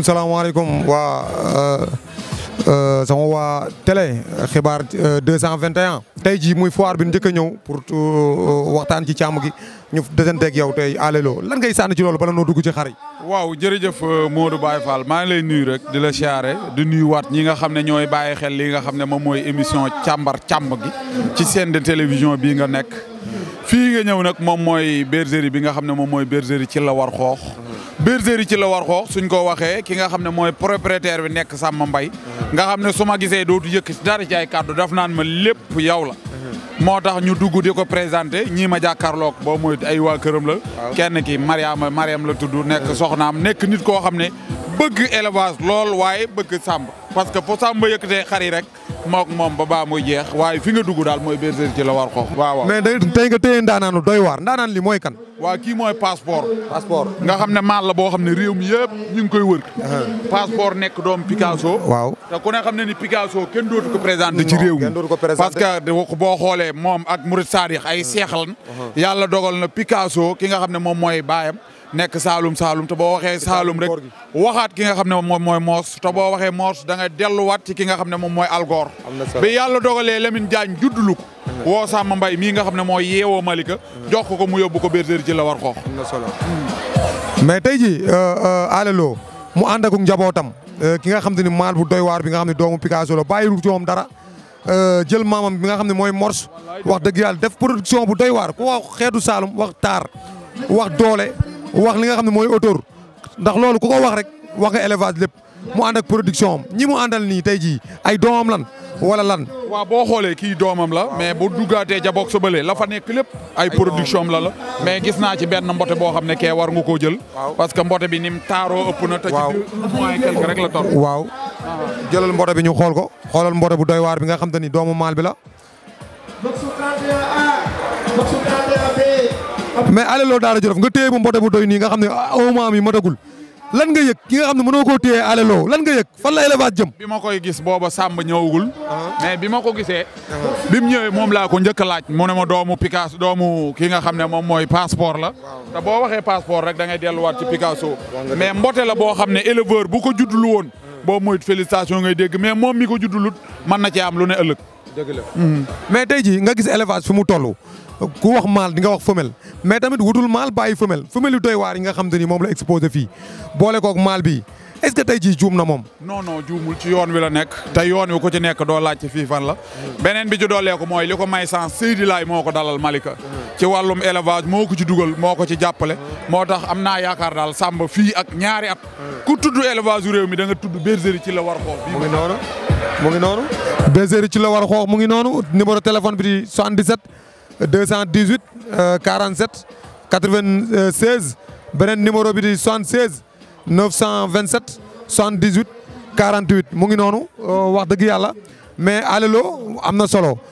salaamaaleykum waa euh, euh, sama waa télé xibaar 221. Euh, tey jii muy foire bi njëkk a ñëw pour waxtaan ci càmm gi. ñu desanteeg yow tey alelo lan ngay sànni ci loolu bala noo dugg ci xar waaw jërëjëf euh, Modou Baye Fall maa ngi lay nuyu rek di la siyaare di nuyuwaat ñi nga xam ne ñooy bàyyi xel li nga xam ne moom mooy émission càmbar càmb gi ci seen de télévision bii nga nekk. fii nga ñëw nag moom mooy bergerie bi nga xam ne moom mooy bergerie ci la war xoox. bergerie ci la war xoox suñ ko waxee ki nga xam ne mooy propriétaire bi nekk Samba mbay nga xam ne su ma gisee dootu yëkk dara ci ay kàddu daf naan ma lépp yow la. moo tax ñu dugg di ko présenté ñii ma jàkkaarloog boo mooy ay waa këram la. kenn ki Mariama Mariam la tudd nekk soxnaam nekk nit koo xam ne bëgg élevage lool waaye bëgg sàmb parce que fo sàmb yëkkatee xar yi rek mook moom ba baa muy jeex waaye fi nga dugg daal mooy bergerie ci la war xoox waaw waaw mais tey nga téye ndaanaanu doy waar ndaanaan li mooy kan. waaw kii mooy passeport. passeport nga xam ne maal la boo xam ne réew mi yëpp ñu ngi koy wër. passeport nekk doom Picasso. waaw ko ku ne xam ne ni Picasso kenn dootu ko présenté. ci réew mi parce que boo xoolee moom ak Mourid Sadikh ay seexlan. yàlla dogal na Picasso ki nga xam ne moom mooy baayam. nekk Saalum Saalum te boo waxee Saalum rek waxaat ki nga xam ne moom mooy Moos to boo waxe Moos da nga delluwaat ci ki nga xam ne moom mooy Algoor. am na solo bi yàlla dogalee Lamine Diagne juddulu ko. woo Samba mbay mii nga xam ne mooy yeewoo Malika jox ko ko mu yóbbu ko bergerie ci la war xoox hmm. mais tey ji euh, euh, Alé mu ànd ak njabootam euh, ki nga xam te ni maal bu doy waar bi nga xam ne doomu Picasso la bàyyiwul ci moom dara jël maamam bi nga xam ne mooy Morse wax dëgg yàlla def production bu doy waar ko xeetu Saalum wax taar wax doole wax li nga xam ne mooy auteur ndax loolu ku ko wax rek wax nga élevage lépp mu ànd ak production am ñi mu àndal nii tey jii ay doomam lan wala lan. waaw boo xoolee kii doomam la mais boo duggaatee ca boog sa la fa nekk lépp ay production am la la mais gis naa ci benn mbote boo xam ne kee war nga koo jël. parce que mbote bi ni mu taaroo ëpp na. waaw rek la toll. waaw jëlal mbote bi ñu xool ko xoolal mbote bu doy waar bi nga xam te ni doomu maal bi la. mais allé loolu daara jëlof nga téye bu mbote bu doy nii nga xam ne ah, au moins mi matagul. lan nga yëg ki nga xam ne mënoo koo téye ale loo lan nga yëg fan la élevage jëm. bi ma koy gis booba Samb ñëwagul. Ah. mais bi ma ko gisee. Ah. bi mu ñëwee moom laa ko njëkk laaj mu ne ma doomu Picasso doomu ki nga xam ne moom mooy passeport la. te boo waxee passeport rek da ngay delluwaat ci Picasso. mais mbote la boo xam ne éleveur bu ko juddlu woon. Ah. boo moytu félicitation ngay dégg mais moom mi ko juddlut mën na cee am lu ne ëllëg. dëgg la mhm. mais tey jii nga gis élevage fi mu tollu ku wax mâle di nga wax femelle mais tamit wutul mâle bàyyi femelle femelle yu doy waar yi nga xam te ni moom la exposé fii boole kook maal bi est-ce que tey jii juum na moom non non juumul ci yoon wi la nekk te yoon wi ku ci nekk doo laajte fii fan la beneen bi ci doolee ko mooy li ko may sans Seydi Laay moo ko dalal Malika ci wàllum élevage moo ko ci dugal moo ko ci jàppale moo tax am naa yaakaar daal sàmba fii ak ñaari at ku tudd élevage yu réew mi da nga tudd bergerie ci la war xool mu ngi noonu bergerie ci la war a xoox mu ngi noonu numéro téléphone bi di 77 218 47 96 beneen numéro bi di 76 927 78 48 mu ngi noonu euh, wax dëgg yàlla mais alelo am na solo.